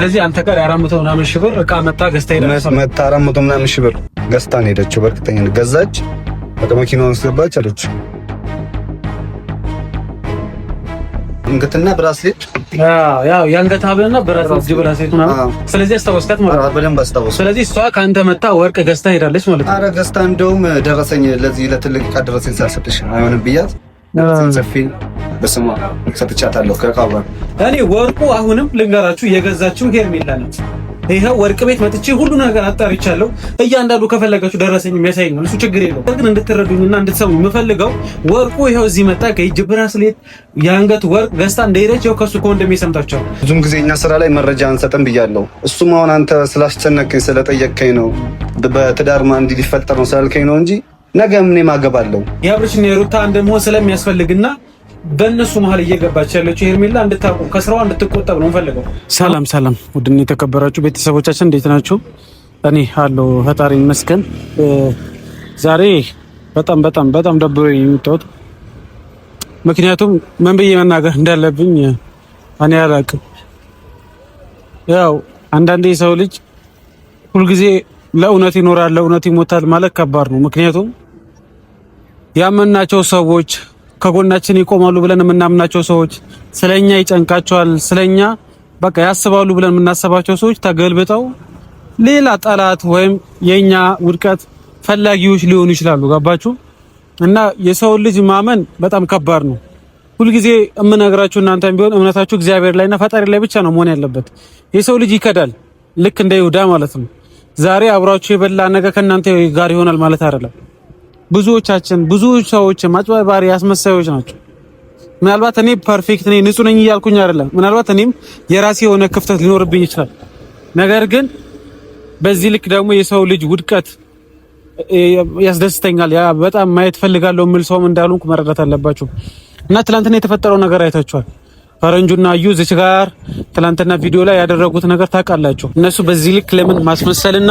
ስለዚህ አንተ ጋር የአራት መቶ ምናምን ሺህ ብር እቃ መጣ ገዝታ ሄዳለች። መጣ አራት መቶ ምናምን ሺህ ብር ገዝታ ነው ሄደችው። በእርግጠኝነት ገዛች፣ በቃ መኪናውን አስገባች አለች። አንገትና ብራስሌት አዎ፣ ያው የአንገት ሀብልና ብራስሌት ብራስሌት ምናምን። ስለዚህ አስታወስካት ማለት ነው፣ በደንብ አስታወስኩ። ስለዚህ እሷ ከአንተ መጣ ወርቅ ገዝታ ሄዳለች ማለት ነው። ኧረ ገዝታ እንደውም ደረሰኝ፣ ለዚህ ለትልቅ ዕቃ ደረሰኝ ሳልሰጥሽ አይሆንም ብያት ጽፌ በስሟ ሰጥቻታለሁ። ከካባ እኔ ወርቁ አሁንም ልንገራችሁ የገዛችው ሄርሜላ ነው። ይኸው ወርቅ ቤት መጥቼ ሁሉ ነገር አጣርቻለሁ። እያንዳንዱ ከፈለጋችሁ ደረሰኝ የሚያሳይ ነው። እሱ ችግር የለው። ግን እንድትረዱኝና እንድትሰሙ የምፈልገው ወርቁ ይኸው እዚህ መጣ። ከእጅ ብራስሌት፣ የአንገት ወርቅ ገዝታ እንደሄደች ይኸው ከሱ ከወንድሜ ሰምታችኋል። ብዙም ጊዜ እኛ ስራ ላይ መረጃ አንሰጥም ብያለሁ። እሱም አሁን አንተ ስላስጨነቀኝ ስለጠየቅከኝ ነው በትዳር ማንዲ ሊፈጠር ነው ስላልከኝ ነው እንጂ ነገ ምን ማገባለው የአብርሽና የሩታ አንድ መሆን ስለሚያስፈልግና በእነሱ መሀል እየገባች ያለችው ሄርሜላ እንድታቁ ከስራዋ እንድትቆጠብ ነው ፈልገው። ሰላም ሰላም፣ ውድን የተከበራችሁ ቤተሰቦቻችን እንዴት ናችሁ? እኔ አለሁ ፈጣሪ ይመስገን። ዛሬ በጣም በጣም በጣም ደብሮ የመጣሁት ምክንያቱም ምን ብዬ መናገር እንዳለብኝ እኔ አላውቅም። ያው አንዳንዴ ሰው ልጅ ሁልጊዜ ለእውነት ይኖራል ለእውነት ይሞታል ማለት ከባድ ነው። ምክንያቱም ያመናቸው ሰዎች ከጎናችን ይቆማሉ ብለን የምናምናቸው ሰዎች ስለኛ ይጨንቃቸዋል፣ ስለኛ በቃ ያስባሉ ብለን የምናስባቸው ሰዎች ተገልብጠው ሌላ ጠላት ወይም የኛ ውድቀት ፈላጊዎች ሊሆኑ ይችላሉ። ገባችሁ? እና የሰውን ልጅ ማመን በጣም ከባድ ነው። ሁልጊዜ የምነግራችሁ እናንተም ቢሆን እምነታችሁ እግዚአብሔር ላይና ፈጣሪ ላይ ብቻ ነው መሆን ያለበት። የሰው ልጅ ይከዳል፣ ልክ እንደ ይሁዳ ማለት ነው። ዛሬ አብሯችሁ የበላ ነገ ከእናንተ ጋር ይሆናል ማለት አይደለም። ብዙዎቻችን ብዙ ሰዎች ማጭበርባሪ አስመሳዮች ናቸው። ምናልባት እኔ ፐርፌክት ነኝ ንጹህ ነኝ እያልኩኝ አይደለም። ምናልባት እኔም የራሴ የሆነ ክፍተት ሊኖርብኝ ይችላል። ነገር ግን በዚህ ልክ ደግሞ የሰው ልጅ ውድቀት ያስደስተኛል፣ ያ በጣም ማየት ፈልጋለሁ የሚል ሰውም እንዳልሆንኩ መረዳት አለባችሁ። እና ትላንትና የተፈጠረው ነገር አይታችኋል። ፈረንጁና እዩ እዚች ጋር ትላንትና ቪዲዮ ላይ ያደረጉት ነገር ታውቃላችሁ። እነሱ በዚህ ልክ ለምን ማስመሰልና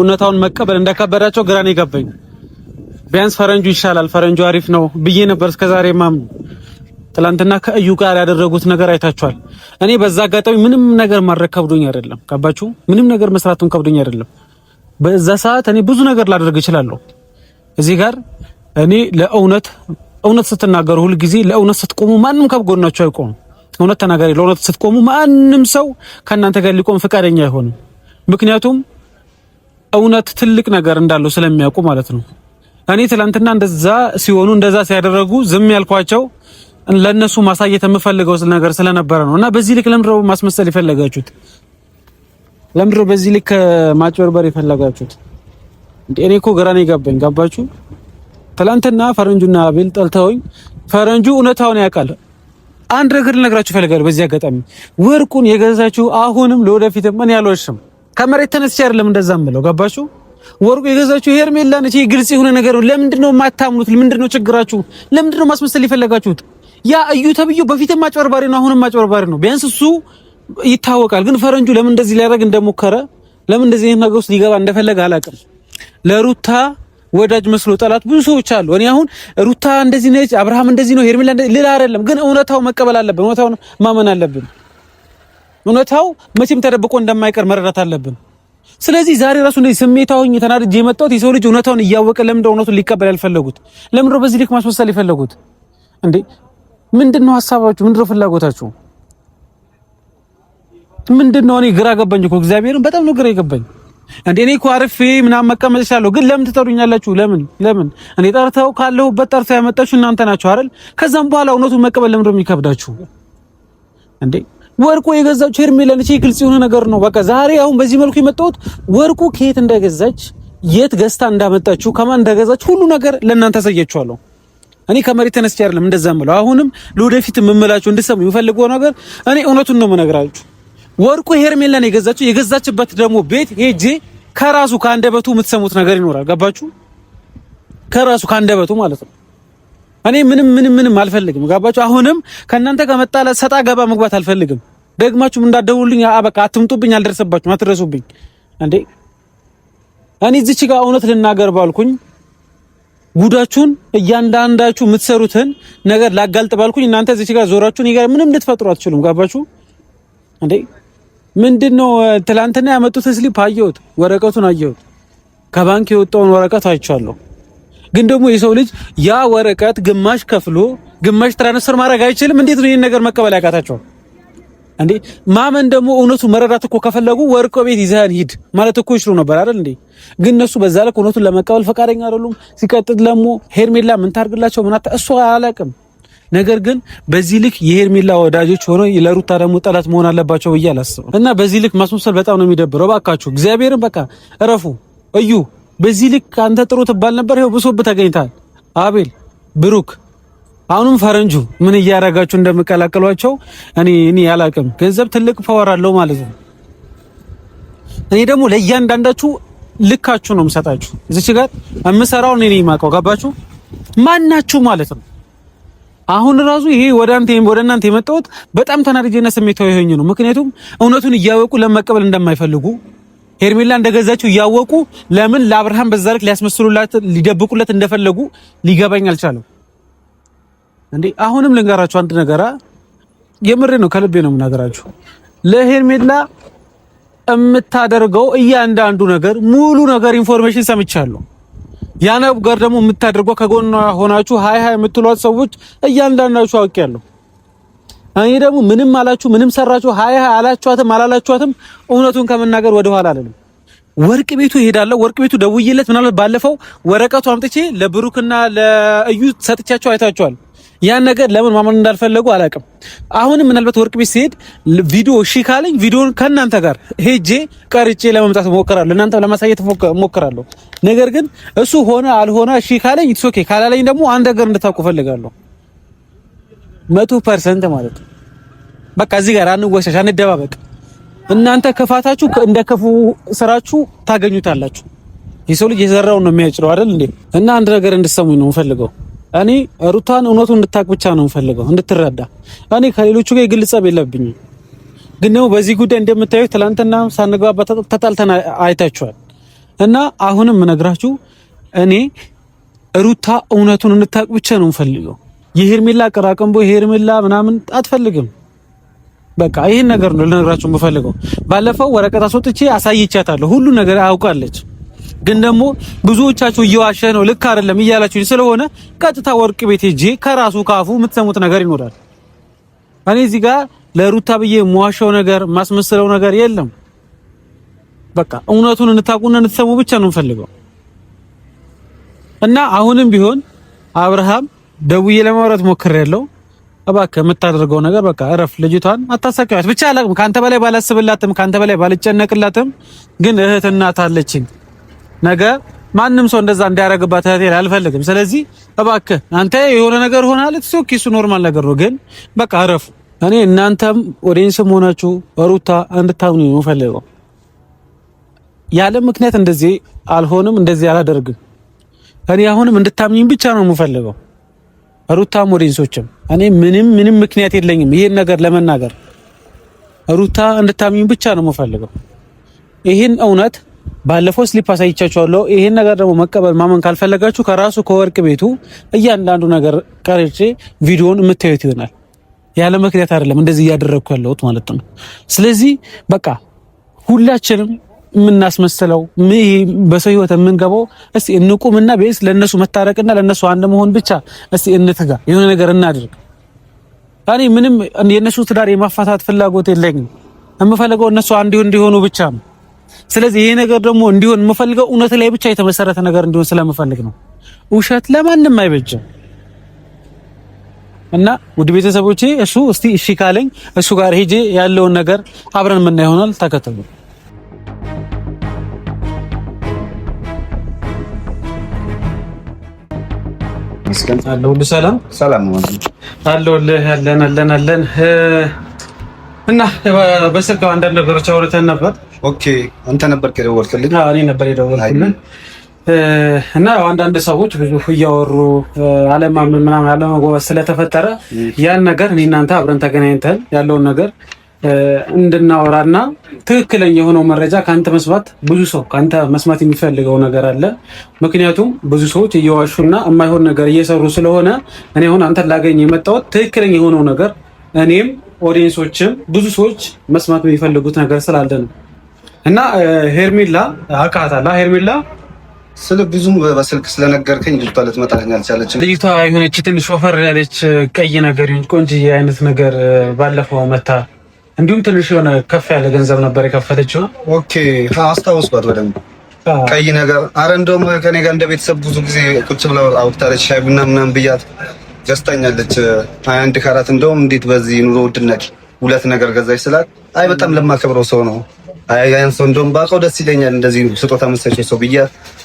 እውነታውን መቀበል እንዳከበዳቸው ግራ ነው የገባኝ። ቢያንስ ፈረንጁ ይሻላል፣ ፈረንጁ አሪፍ ነው ብዬ ነበር እስከዛሬ ማምኑ። ትላንትና ከእዩ ጋር ያደረጉት ነገር አይታችኋል። እኔ በዛ አጋጣሚ ምንም ነገር ማድረግ ከብዶኝ አይደለም፣ ገባችሁ? ምንም ነገር መስራቱን ከብዶኝ አይደለም። በዛ ሰዓት እኔ ብዙ ነገር ላደርግ እችላለሁ። እዚህ ጋር እኔ ለእውነት እውነት ስትናገሩ ሁልጊዜ ለእውነት ስትቆሙ ማንም ከጎናችሁ አይቆምም። እውነት ተናጋሪ፣ ለእውነት ስትቆሙ ማንም ሰው ከእናንተ ጋር ሊቆም ፈቃደኛ አይሆንም። ምክንያቱም እውነት ትልቅ ነገር እንዳለው ስለሚያውቁ ማለት ነው። እኔ ትላንትና እንደዛ ሲሆኑ እንደዛ ሲያደረጉ ዝም ያልኳቸው ለእነሱ ማሳየት የምፈልገው ነገር ስለነበረ ነው። እና በዚህ ልክ ለምድረው ማስመሰል የፈለጋችሁት ለምድረው በዚህ ልክ ማጭበርበር የፈለጋችሁት እኔ እኮ ግራ ነው የገባኝ። ገባችሁ? ትላንትና ፈረንጁና አቤል ጠልተውኝ ፈረንጁ እውነታውን ያውቃል። አንድ ነገር ልነግራችሁ ፈልጋለሁ። በዚህ አጋጣሚ ወርቁን የገዛችሁ አሁንም ለወደፊት ምን ያልወሽም ከመሬት ተነስቼ አይደለም እንደዛ ምለው ገባችሁ? ወርቁ የገዛችሁ ሄርሜላ ነች። ግልጽ የሆነ ነገር ነው። ለምንድን ነው የማታምኑት? ምንድን ነው ችግራችሁ? ለምንድን ነው ማስመሰል የፈለጋችሁት? ያ እዩ ተብዩ በፊትም ማጭበርባሪ ነው፣ አሁንም ማጭበርባሪ ነው። ቢያንስ እሱ ይታወቃል። ግን ፈረንጁ ለምን እንደዚህ ሊያደርግ እንደሞከረ ለምን እንደዚህ አይነት ነገር ውስጥ ሊገባ እንደፈለገ አላውቅም። ለሩታ ወዳጅ መስሎ ጠላት ብዙ ሰዎች አሉ። እኔ አሁን ሩታ እንደዚህ ነች፣ አብርሃም እንደዚህ ነው፣ ሄርሜላ ሌላ አይደለም። ግን እውነታው መቀበል አለብን። እውነታውን ማመን አለብን። እውነታው መቼም ተደብቆ እንደማይቀር መረዳት አለብን። ስለዚህ ዛሬ ራሱ እንደዚህ ስሜታውኝ ተናድጄ የመጣሁት የሰው ልጅ እውነታውን እያወቀ ለምንድነው እውነቱን ሊቀበል ያልፈለጉት? ለምንድነው በዚህ ልክ ማስመሰል የፈለጉት? እንዴ ምንድነው ሀሳባችሁ? ምንድነው ፍላጎታችሁ? ምንድነው? እኔ ግራ ገባኝ እኮ እግዚአብሔርን በጣም ነው ግራ የገባኝ። እንዴ እኔ እኮ አርፌ ምናምን መቀመጥ እችላለሁ፣ ግን ለምን ትጠሩኛላችሁ? ለምን ለምን? እኔ ጠርተው ካለሁበት ጠርተው ያመጣችሁ እናንተ ናችሁ አይደል? ከዛም በኋላ እውነቱን መቀበል ለምን እንደሆነ የሚከብዳችሁ እንዴ ወርቁ የገዛችው ሄርሜላን እቺ ግልጽ የሆነ ነገር ነው። በቃ ዛሬ አሁን በዚህ መልኩ የመጣሁት ወርቁ ከየት እንደገዛች የት ገዝታ እንዳመጣችሁ ከማን እንደገዛች ሁሉ ነገር ለእናንተ አሳያችኋለሁ። እኔ ከመሬት ተነስቼ አይደለም እንደዛ የምለው። አሁንም ለወደፊት የምምላችሁ እንድሰሙ የምፈልገው ነገር እኔ እውነቱን ነው የምነግራችሁ። ወርቁ ሄርሜላን የገዛችው የገዛችበት ደግሞ ቤት ሄጄ ከራሱ ከአንደበቱ የምትሰሙት ነገር ይኖራል። ገባችሁ? ከራሱ ከአንደበቱ ማለት ነው። እኔ ምንም ምንም ምንም አልፈልግም። ገባችሁ? አሁንም ከእናንተ ከመጣለ ሰጣ ገባ መግባት አልፈልግም። ደግማችሁም እንዳደውልኝ አበቃ። አትምጡብኝ፣ አልደርሰባችሁም፣ አትድረሱብኝ። እንዴ እኔ እዚች ጋር እውነት ልናገር ባልኩኝ ጉዳችሁን እያንዳንዳችሁ የምትሰሩትን ነገር ላጋልጥ ባልኩኝ እናንተ እዚች ጋር ዞራችሁን ይገር ምንም ልትፈጥሩ አትችሉም። ገባችሁ እንዴ ምንድን ነው ትላንትና ያመጡት ስሊፕ አየሁት፣ ወረቀቱን አየሁት፣ ከባንክ የወጣውን ወረቀት አይቻለሁ። ግን ደግሞ የሰው ልጅ ያ ወረቀት ግማሽ ከፍሎ ግማሽ ትራንስፈር ማድረግ አይችልም። እንዴት ነው ይህን ነገር መቀበል ያቃታቸው? እንዴ ማመን ደግሞ እውነቱ መረዳት እኮ ከፈለጉ ወርቆ ቤት ይዘህን ሂድ ማለት እኮ ይችሉ ነበር አይደል እንዴ? ግን እነሱ በዛ ልክ እውነቱን ለመቀበል ፈቃደኛ አይደሉም። ሲቀጥል ደግሞ ሄርሜላ ምን ታርግላቸው? ምን እሱ አላቅም ነገር ግን በዚህ ልክ የሄርሜላ ወዳጆች ሆኖ ለሩታ ደግሞ ጠላት መሆን አለባቸው ብዬ አላስብም። እና በዚህ ልክ ማስመሰል በጣም ነው የሚደብረው። እባካችሁ እግዚአብሔርን በቃ እረፉ። እዩ በዚህ ልክ አንተ ጥሩ ትባል ነበር፣ ይኸው ብሶብ ተገኝታል። አቤል ብሩክ፣ አሁንም ፈረንጁ ምን እያረጋችሁ እንደምቀላቀሏቸው እኔ እኔ አላቅም። ገንዘብ ትልቅ ፓወር አለው ማለት ነው። እኔ ደግሞ ለእያንዳንዳችሁ ልካችሁ ነው የምሰጣችሁ። እዚች ጋር የምሰራውን እኔ የማውቀው ገባችሁ? ማናችሁ ማለት ነው አሁን ራሱ ይሄ ወደ አንተ ወደ እናንተ የመጣሁት በጣም ተናድጄና ስሜታዊ ሆኜ ነው። ምክንያቱም እውነቱን እያወቁ ለመቀበል እንደማይፈልጉ ሄርሜላ እንደገዛችው እያወቁ ለምን ለአብርሃም በዛ ልክ ሊያስመስሉላት ሊደብቁለት እንደፈለጉ ሊገባኝ አልቻለም። እንዴ አሁንም ልንገራችሁ አንድ ነገር፣ የምሬ ነው፣ ከልቤ ነው የምናገራችሁ። ለሄርሜላ የምታደርገው እያንዳንዱ ነገር ሙሉ ነገር ኢንፎርሜሽን ሰምቻለሁ። ያነብ ጋር ደግሞ የምታደርጓ ከጎን ሆናችሁ ሀይ ሀይ የምትሏት ሰዎች እያንዳንዳችሁ አውቄያለሁ። እኔ ደግሞ ምንም አላችሁ ምንም ሰራችሁ ሀይ ሀይ አላችኋትም አላላችኋትም እውነቱን ከመናገር ወደ ኋላ አለንም። ወርቅ ቤቱ እሄዳለሁ። ወርቅ ቤቱ ደውዬለት ምናልባት ባለፈው ወረቀቱ አምጥቼ ለብሩክና ለእዩ ሰጥቻቸው አይታችኋል። ያን ነገር ለምን ማመን እንዳልፈለጉ አላውቅም። አሁንም ምናልባት ወርቅ ቤት ሲሄድ ቪዲዮ እሺ ካለኝ ቪዲዮን ከእናንተ ጋር ሄጄ ቀርጬ ለመምጣት እሞክራለሁ። እናንተ ለማሳየት እሞክራለሁ። ነገር ግን እሱ ሆነ አልሆነ እሺ ካለኝ ኢትስ ኦኬ፣ ካላለኝ ደግሞ አንድ ነገር እንድታውቁ ፈልጋለሁ። መቶ ፐርሰንት ማለት ነው። በቃ እዚህ ጋር አንወሰሽ፣ አንደባበቅ። እናንተ ክፋታችሁ እንደ ክፉ ስራችሁ ታገኙታላችሁ። የሰው ልጅ የዘራውን ነው የሚያጭረው አይደል እንዴ? እና አንድ ነገር እንድሰሙኝ ነው የምፈልገው። እኔ ሩታን እውነቱ እንድታቅ ብቻ ነው የምፈልገው፣ እንድትረዳ። እኔ ከሌሎቹ ጋር የግል ጸብ የለብኝም፣ ግን ደግሞ በዚህ ጉዳይ እንደምታዩት ትናንትና ሳንግባባ ተጣልተን አይታችኋል። እና አሁንም ምነግራችሁ እኔ ሩታ እውነቱን እንታውቅ ብቻ ነው የምፈልገው። የሄርሜላ አቀራቀንቦ የሄርሜላ ምናምን አትፈልግም። በቃ ይህን ነገር ነው ልነግራችሁ የምፈልገው። ባለፈው ወረቀት አስወጥቼ አሳይቻታለሁ። ሁሉ ነገር አውቃለች። ግን ደግሞ ብዙዎቻችሁ እየዋሸ ነው ልክ አይደለም እያላችሁ ስለሆነ ቀጥታ ወርቅ ቤት ሄጄ ከራሱ ካፉ የምትሰሙት ነገር ይኖራል። እኔ እዚህ ጋር ለሩታ ብዬ የምዋሸው ነገር የማስመስለው ነገር የለም። በቃ እውነቱን እንታቁና እንትሰሙ ብቻ ነው እንፈልገው እና አሁንም ቢሆን አብርሃም ደውዬ ለማውራት ሞክሬያለሁ። እባክህ የምታደርገው ነገር በቃ እረፍ፣ ልጅቷን አታሳቂያት ብቻ። አላቅም ከአንተ በላይ ባላስብላትም ከአንተ በላይ ባልጨነቅላትም፣ ግን እህት እናት አለችኝ። ነገ ማንም ሰው እንደዛ እንዳያረግባት እህቴን አልፈልግም። ስለዚህ እባክህ አንተ የሆነ ነገር ሆናል፣ እሱ ኖርማል ነገር ነው። ግን በቃ እረፉ። እኔ እናንተም ኦዲየንስም ሆናችሁ ሩታ እንድታምኑ ነው እፈልገው ያለ ምክንያት እንደዚህ አልሆንም፣ እንደዚህ አላደርግም። እኔ አሁንም እንድታምኝ ብቻ ነው የምፈልገው። ሩታም ሞዴንሶችም እኔ ምንም ምንም ምክንያት የለኝም ይሄን ነገር ለመናገር ሩታ እንድታምኝ ብቻ ነው የምፈልገው። ይህን እውነት ባለፈው ስሊፕ አሳይቻችኋለሁ። ይህን ነገር ደግሞ መቀበል ማመን ካልፈለጋችሁ ከራሱ ከወርቅ ቤቱ እያንዳንዱ ነገር ቀርጬ ቪዲዮን የምታዩት ይሆናል። ያለ ምክንያት አይደለም እንደዚህ እያደረግኩ ያለሁት ማለት ነው። ስለዚህ በቃ ሁላችንም የምናስመስለው በሰው ህይወት የምንገባው እስቲ እንቁምና ቤስ ለነሱ መታረቅና ለነሱ አንድ መሆን ብቻ እስቲ እንትጋ፣ የሆነ ነገር እናድርግ። እኔ ምንም የነሱ ትዳር የማፋታት ፍላጎት የለኝም። የምፈልገው እነሱ አንድ እንዲሆኑ ብቻ ነው። ስለዚህ ይሄ ነገር ደግሞ እንዲሆን የምፈልገው እውነት ላይ ብቻ የተመሰረተ ነገር እንዲሆን ስለምፈልግ ነው። ውሸት ለማንም አይበጅም። እና ውድ ቤተሰቦቼ እሱ እስቲ እሺ ካለኝ እሱ ጋር ሄጄ ያለውን ነገር አብረን ምን ይሆናል። ተከተሉ። ሁሉ ሰላም ሰላም አለሁልህ። አለን አለን አለን እና በስልክ አንዳንድ ነገሮች አውርተን ነበር። ኦኬ አንተ ነበር የደወልክልኝ? እኔ ነበር የደወልኩልህ። እና አንዳንድ ሰዎች ብዙ እያወሩ አለማመን ምናምን አለመግባባት ስለተፈጠረ ያን ነገር እኔ እናንተ አብረን ተገናኝተን ያለውን ነገር እንድናወራና ትክክለኛ የሆነው መረጃ ከአንተ መስማት ብዙ ሰው ከአንተ መስማት የሚፈልገው ነገር አለ። ምክንያቱም ብዙ ሰዎች እየዋሹና የማይሆን ነገር እየሰሩ ስለሆነ እኔ አሁን አንተን ላገኝ የመጣሁት ትክክለኛ የሆነው ነገር እኔም ኦዲየንሶችም ብዙ ሰዎች መስማት የሚፈልጉት ነገር ስላለ ነው። እና ሄርሜላ አውቃታለሁ። ሄርሜላ ስለ ብዙም በስልክ ስለነገርከኝ ልጅቷ ልትመጣልኝ አልቻለች። ልጅቷ የሆነች ትንሽ ወፈር ያለች ቀይ ነገር ቆንጅዬ አይነት ነገር ባለፈው መታ እንዲሁም ትንሽ የሆነ ከፍ ያለ ገንዘብ ነበር የከፈተችው። ኦኬ አስታውስኳት በደንብ ቀይ ነገር። አረ እንደውም ከኔ ጋር እንደ ቤተሰብ ብዙ ጊዜ ቁጭ ብለው አውቅታለች። ሻይ ቡና ምናምን ብያት ገዝታኛለች። ሀያ አንድ ካራት እንደውም እንዴት በዚህ ኑሮ ውድነት ሁለት ነገር ገዛች ስላት፣ አይ በጣም ለማከብረው ሰው ነው አያን ሰው እንደውም ባውቀው ደስ ይለኛል። እንደዚህ ስጦታ መሰለሽ ሰው ብያ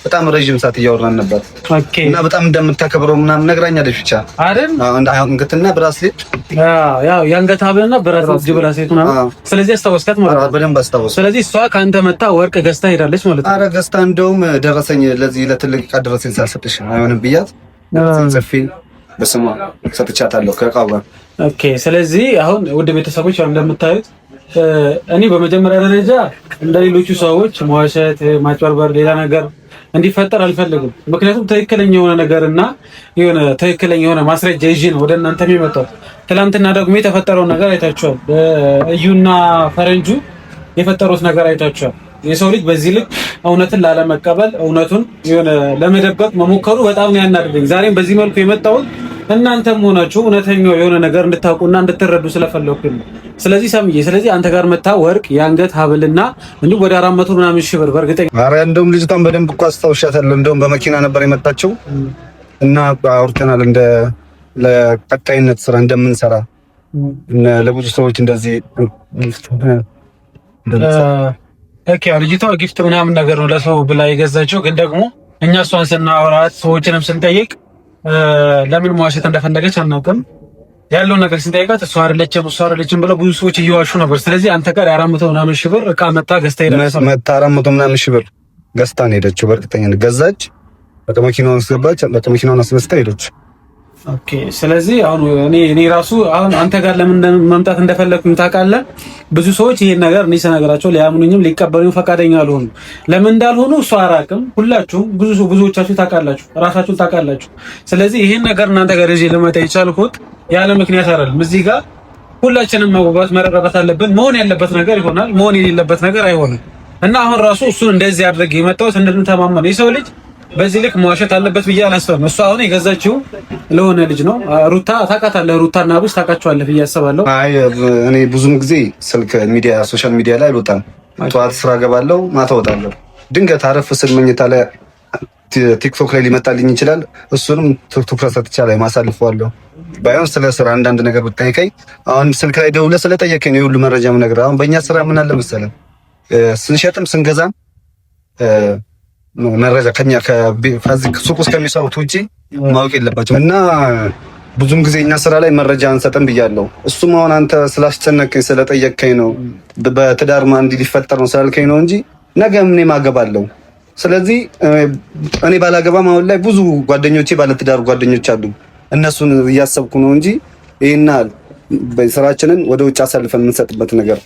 በጣም ረጅም ሰዓት እያወራን ነበር ኦኬ እና በጣም እንደምታከብረው ምናምን ነግራኛለች። ብቻ አይደል አዎ እንደ አንገትና ብራስሌት አዎ፣ ያው የአንገት ሐብልና ብራስሌት ብራስሌት ምናምን። ስለዚህ አስታወስካት ማለት ነው። በደንብ አስታወስኩ። ስለዚህ እሷ ከአንተ መጣ ወርቅ ገዝታ ሄዳለች ማለት ነው። አረ ገዝታ እንደውም ደረሰኝ ለዚህ ለትልቅ ዕቃ ደረሰኝ ሳልሰጥሽ አይሆንም ብያት ጽፌ በስሟ ሰጥቻታለሁ ከዕቃው ጋር። ኦኬ። ስለዚህ አሁን ውድ ቤተሰቦች እንደምታዩት እኔ በመጀመሪያ ደረጃ እንደ ሌሎቹ ሰዎች መዋሸት፣ ማጭበርበር፣ ሌላ ነገር እንዲፈጠር አልፈልግም። ምክንያቱም ትክክለኛ የሆነ ነገር እና የሆነ ትክክለኛ የሆነ ማስረጃ ይዤ ነው ወደ እናንተ የሚመጣው። ትላንትና ደግሞ የተፈጠረውን ነገር አይታችኋል። እዩና ፈረንጁ የፈጠሩት ነገር አይታችኋል። የሰው ልጅ በዚህ ልክ እውነትን ላለመቀበል እውነቱን የሆነ ለመደበቅ መሞከሩ በጣም ነው ያናደደኝ። ዛሬም በዚህ መልኩ የመጣሁት እናንተም ሆናችሁ እውነተኛው የሆነ ነገር እንድታውቁና እንድትረዱ ስለፈለኩኝ ነው። ስለዚህ ሰምዬ፣ ስለዚህ አንተ ጋር መታ ወርቅ የአንገት ሀብልና እንዲሁ ወደ አራት መቶ ምናምን ሺህ ብር በእርግጠኛ ኧረ እንደውም ልጅቷን በደንብ እኮ አስታውሻታለሁ። እንደውም በመኪና ነበር የመጣችው እና አውርተናል እንደ ለቀጣይነት ስራ እንደምንሰራ ለብዙ ሰዎች እንደዚህ ኦኬ ልጅቷ ጊፍት ምናምን ነገር ነው ለሰው ብላ የገዛችው። ግን ደግሞ እኛ እሷን ስናወራት ሰዎችንም ስንጠይቅ ለምን መዋሸት እንደፈለገች አናውቅም። ያለውን ነገር ስንጠይቃት እሷ አይደለችም እሷ አይደለችም ብለው ብዙ ሰዎች እየዋሹ ነበር። ስለዚህ አንተ ጋር የአራት መቶ ምናምን ሺህ ብር እቃ መጣ ገዝታ ሄዳለች። መጣ አራት መቶ ምናምን ሺህ ብር ገዝታ ነው የሄደችው። በእርግጠኛ ገዛች። በቃ መኪናውን አስገባች። በቃ መኪናውን አስገዝታ ሄደች። ኦኬ ስለዚህ አሁን እኔ እኔ ራሱ አሁን አንተ ጋር ለምን መምጣት እንደፈለግኩም ታውቃለህ። ብዙ ሰዎች ይሄን ነገር እኔ ስነግራቸው ሊያምኑኝም ሊቀበሉኝም ፈቃደኛ አልሆኑም። ለምን እንዳልሆኑ እሱ አራቅም። ሁላችሁም ብዙ ብዙዎቻችሁ ታውቃላችሁ፣ ራሳችሁን ታውቃላችሁ። ስለዚህ ይሄን ነገር እናንተ ጋር እዚህ ልመጣ የቻልኩት ያለ ምክንያት አይደለም። እዚህ ጋር ሁላችንም መግባባት መረዳዳት አለብን። መሆን ያለበት ነገር ይሆናል፣ መሆን የሌለበት ነገር አይሆንም እና አሁን ራሱ እሱን እንደዚህ አድርግ የመጣሁት እንድንተማመን የሰው ልጅ በዚህ ልክ መዋሸት አለበት ብዬ አላስብም። እሱ አሁን የገዛችው ለሆነ ልጅ ነው። ሩታ ታውቃታለህ፣ ሩታና አቡሽ ታውቃቸዋለህ ብዬ አስባለሁ። አይ እኔ ብዙም ጊዜ ስልክ ሚዲያ፣ ሶሻል ሚዲያ ላይ አልወጣም። ጠዋት ስራ ገባለሁ፣ ማታ ወጣለሁ። ድንገት አረፍ ስል መኝታ ላይ ቲክቶክ ላይ ሊመጣልኝ ይችላል። እሱንም ትኩረት ሰጥቼ ላይ ማሳልፈዋለሁ። ባይሆን ስለ ስራ አንዳንድ ነገር ብጠይቀኝ አሁን ስልክ ላይ ደውለህ ስለጠየቀኝ የሁሉ መረጃም ነገር አሁን በእኛ ስራ ምን አለ መሰለህ ስንሸጥም ስንገዛም መረጃ ከኛ ሱቅ ውስጥ ከሚሰሩት ውጭ ማወቅ የለባቸው እና ብዙም ጊዜ እኛ ስራ ላይ መረጃ አንሰጥም ብያለሁ። እሱም አሁን አንተ ስላስጨነቀኝ ስለጠየቅከኝ ነው በትዳር ማ እንዲህ ሊፈጠር ነው ስላልከኝ ነው እንጂ ነገ እኔ ማገባለሁ። ስለዚህ እኔ ባላገባም አሁን ላይ ብዙ ጓደኞቼ ባለትዳር ጓደኞች አሉ። እነሱን እያሰብኩ ነው እንጂ ይህና ስራችንን ወደ ውጭ አሳልፈን የምንሰጥበት ነገር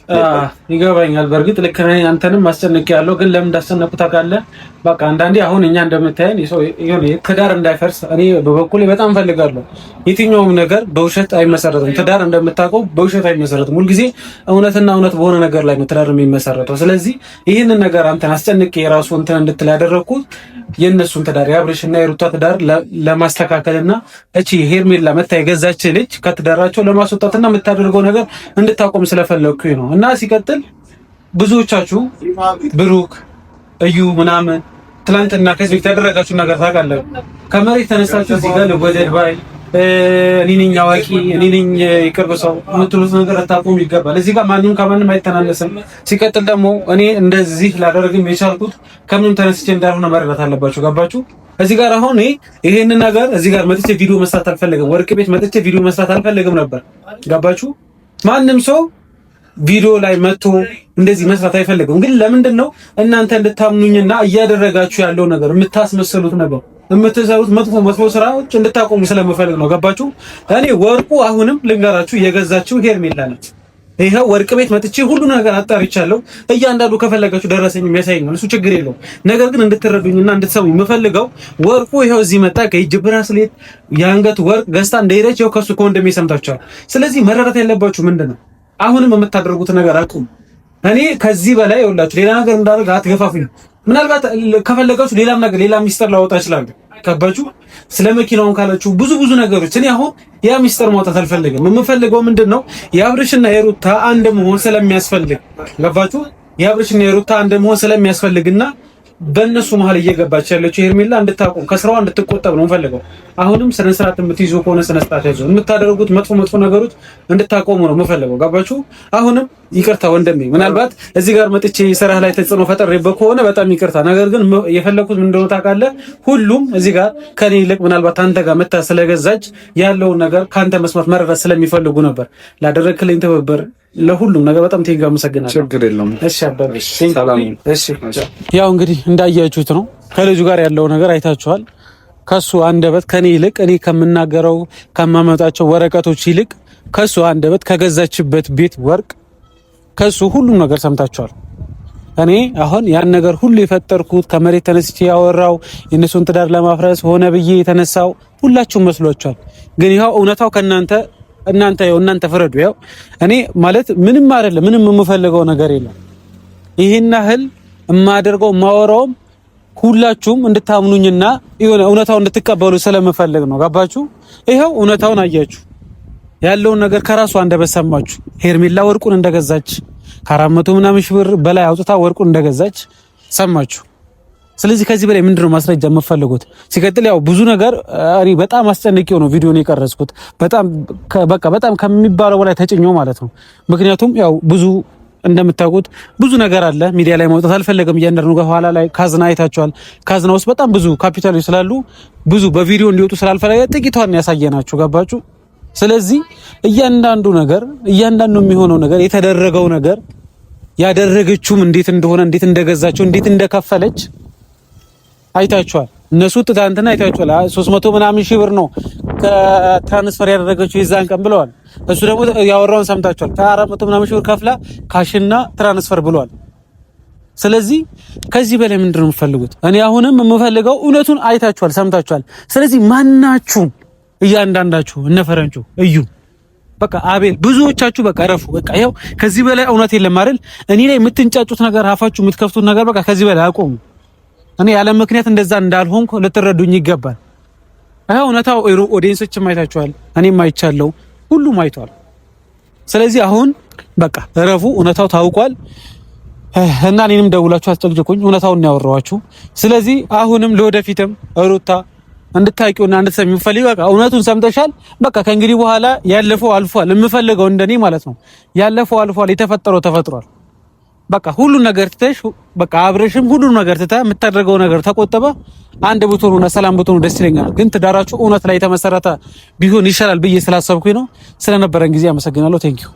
ይገባኛል። በእርግጥ ልክ አንተንም አንተንም ያለው ግን ለምን እንዳስጨነቁ ታውቃለህ? በቃ አንዳንዴ አሁን እኛ እንደምታየን ትዳር እንዳይፈርስ እኔ በበኩሌ በጣም ፈልጋለሁ። የትኛውም ነገር በውሸት አይመሰረትም። ትዳር እንደምታውቀው በውሸት አይመሰረትም። ሁልጊዜ እውነትና እውነት በሆነ ነገር ላይ ነው ትዳር የሚመሰረተው። ስለዚህ ይህንን ነገር አንተን አስጨንቄ የራሱ እንትን እንድትል ያደረግኩት የእነሱን ትዳር የአብሬሽና የሩታ ትዳር ለማስተካከልና እቺ ሄርሜላ መታ የገዛች ልጅ ከትዳራቸው ለማስወጣትና የምታደርገው ነገር እንድታቆም ስለፈለግኩኝ ነው እና ሲቀጥል ብዙዎቻችሁ ብሩክ እዩ ምናምን ትላንትና ከዚህ ተደረጋችሁ ያደረጋችሁ ነገር ታውቃለህ። ከመሬት ተነሳችሁ እዚህ ጋር ወደድ ባይ እኔ ነኝ አዋቂ እኔ ነኝ የቅርብ ሰው የምትሉት ነገር አታቆም ይገባል። እዚህ ጋር ማንም ከማንም አይተናነስም። ሲቀጥል ደግሞ እኔ እንደዚህ ላደረግም የቻልኩት ከምንም ተነስቼ እንዳልሆነ መረዳት አለባችሁ። ገባችሁ? እዚህ ጋር አሁን ይሄን ነገር እዚህ ጋር መጥቼ ቪዲዮ መስራት አልፈልግም ወርቅ ቤት መጥቼ ቪዲዮ መስራት አልፈለግም ነበር። ገባችሁ? ማንም ሰው ቪዲዮ ላይ መጥቶ እንደዚህ መስራት አይፈልግም። ግን ለምንድን ነው እናንተ እንድታምኑኝና እያደረጋችሁ ያለው ነገር የምታስመስሉት ነገር የምትሰሩት መጥፎ መጥፎ ስራዎች እንድታቆሙ ስለምፈልግ ነው። ገባችሁ? እኔ ወርቁ አሁንም ልንገራችሁ የገዛችሁ ሄርሜላ ናት። ይኸው ወርቅ ቤት መጥቼ ሁሉ ነገር አጣርቻለሁ። እያንዳንዱ ከፈለጋችሁ ደረሰኝ የሚያሳይ ነው፣ እሱ ችግር የለው። ነገር ግን እንድትረዱኝና እንድትሰሙኝ የምፈልገው ወርቁ ይሄው እዚህ መጣ፣ ከእጅ ብራስሌት፣ የአንገት ወርቅ ገዝታ እንደሄደች ይኸው ከሱ ከወንድሜ ሰምታችኋል። ስለዚህ መረዳት ያለባችሁ ምንድን ነው አሁንም የምታደርጉት ነገር አቁም። እኔ ከዚህ በላይ ይኸውላችሁ ሌላ ነገር እንዳደርግ አትገፋፉኝ። ምናልባት ከፈለጋችሁ ሌላም ነገር ሌላ ሚስጥር ላወጣ ይችላል። ከባችሁ ስለ መኪናውን ካላችሁ ብዙ ብዙ ነገሮች እኔ አሁን ያ ሚስጥር ማውጣት አልፈልግም። የምፈልገው ምንድን ነው የአብርሽና የሩታ አንድ መሆን ስለሚያስፈልግ ገባችሁ? የአብርሽና የሩታ አንድ መሆን ስለሚያስፈልግና በእነሱ መሀል እየገባች ያለችው ሄርሜላ እንድታቆም ከስራዋ እንድትቆጠብ ነው የምፈልገው። አሁንም ስነ ስርዓት የምትይዙ ከሆነ ስነ ስርዓት ያዙ። የምታደርጉት መጥፎ መጥፎ ነገሮች እንድታቆሙ ነው የምፈልገው። ገባችሁ? አሁንም ይቅርታ ወንድሜ፣ ምናልባት እዚህ ጋር መጥቼ ስራ ላይ ተጽዕኖ ፈጠሬበት ከሆነ በጣም ይቅርታ። ነገር ግን የፈለኩት ምን እንደሆነ ታውቃለህ። ሁሉም እዚህ ጋር ከኔ ይልቅ ምናልባት አንተ ጋር መታ ስለገዛች ያለውን ነገር ከአንተ መስማት መረዳት ስለሚፈልጉ ነበር ላደረግክልኝ ትብብር ለሁሉም ነገር በጣም ቴንክ አመሰግናለሁ። ችግር የለውም። እሺ ያው እንግዲህ እንዳያችሁት ነው። ከልጁ ጋር ያለው ነገር አይታችኋል። ከሱ አንደበት ከኔ ይልቅ እኔ ከምናገረው ከማመጣቸው ወረቀቶች ይልቅ ከሱ አንደበት ከገዛችበት ቤት ወርቅ ከሱ ሁሉም ነገር ሰምታችኋል። እኔ አሁን ያን ነገር ሁሉ የፈጠርኩት ከመሬት ተነስቼ ያወራው የእነሱን ትዳር ለማፍረስ ሆነ ብዬ የተነሳው ሁላችሁም መስሏችኋል። ግን ይኸው እውነታው ከእናንተ እናንተ ያው እናንተ ፍረዱ። ያው እኔ ማለት ምንም አይደለም፣ ምንም የምፈልገው ነገር የለም። ይሄን ያህል የማደርገው ማወራውም ሁላችሁም እንድታምኑኝና የሆነ እውነታውን እንድትቀበሉ ስለምፈልግ ነው። ገባችሁ? ይኸው እውነታውን አያችሁ። ያለውን ነገር ከራሱ አንደበት ሰማችሁ። ሄርሜላ ወርቁን እንደገዛች ከአራት መቶ ምናምን ሺህ ብር በላይ አውጥታ ወርቁን እንደገዛች ሰማችሁ። ስለዚህ ከዚህ በላይ ምንድነው ማስረጃ የምፈልጉት? ሲቀጥል ያው ብዙ ነገር እኔ በጣም አስጨንቄ ነው ቪዲዮን የቀረጽኩት። በጣም በቃ በጣም ከሚባለው በላይ ተጭኞ ማለት ነው። ምክንያቱም ያው ብዙ እንደምታውቁት ብዙ ነገር አለ ሚዲያ ላይ ማውጣት አልፈለገም። እያንዳንዱ ከኋላ ላይ ካዝና አይታቸዋል። ካዝና ውስጥ በጣም ብዙ ካፒታሎች ስላሉ ብዙ በቪዲዮ እንዲወጡ ስላልፈለገ ጥቂቷን ያሳየናችሁ። ገባችሁ? ስለዚህ እያንዳንዱ ነገር እያንዳንዱ የሚሆነው ነገር የተደረገው ነገር ያደረገችውም እንዴት እንደሆነ እንዴት እንደገዛቸው እንዴት እንደከፈለች አይታችኋል። እነሱ ትናንትና አይታችኋል። ሶስት መቶ ምናምን ሺህ ብር ነው ከትራንስፈር ያደረገችው የዛን ቀን ብለዋል። እሱ ደግሞ ያወራውን ሰምታችኋል። ከአራት መቶ ምናምን ሺህ ብር ከፍላ ካሽና ትራንስፈር ብለዋል። ስለዚህ ከዚህ በላይ ምንድን ነው የምፈልጉት? እኔ አሁንም የምፈልገው እውነቱን አይታችኋል፣ ሰምታችኋል። ስለዚህ ማናችሁም እያንዳንዳችሁ እነፈረንችሁ እዩ በቃ አቤል ብዙዎቻችሁ በቃ ረፉ። በቃ ይኸው ከዚህ በላይ እውነት የለም አይደል? እኔ ላይ የምትንጫጩት ነገር አፋችሁ የምትከፍቱት ነገር በቃ ከዚህ በላይ አቆሙ። እኔ ያለ ምክንያት እንደዛ እንዳልሆንኩ ልትረዱኝ ይገባል። ይሄ እውነታው ኦዲንሶች አይታችኋል፣ እኔም አይቻለሁ፣ ሁሉም አይቷል። ስለዚህ አሁን በቃ እረፉ፣ እውነታው ታውቋል። እና እኔንም ደውላችሁ አስጨቅጭቁኝ፣ እውነታውን ያወራኋችሁ። ስለዚህ አሁንም ለወደፊትም ሩታ እንድታቂውና እንድትሰሚ ምፈልግ በቃ እውነቱን ሰምተሻል። በቃ ከእንግዲህ በኋላ ያለፈው አልፏል። የምፈልገው እንደኔ ማለት ነው ያለፈው አልፏል፣ የተፈጠረው ተፈጥሯል። በቃ ሁሉ ነገር ትተሽ በቃ አብረሽም ሁሉ ነገር ትታ የምታደርገው ነገር ተቆጠበ አንድ ብትሆኑ እና ሰላም ብትሆኑ ደስ ይለኛል። ግን ትዳራችሁ እውነት ላይ የተመሰረተ ቢሆን ይሻላል ብዬ ስላሰብኩኝ ነው። ስለነበረን ጊዜ አመሰግናለሁ። ቴንኪዩ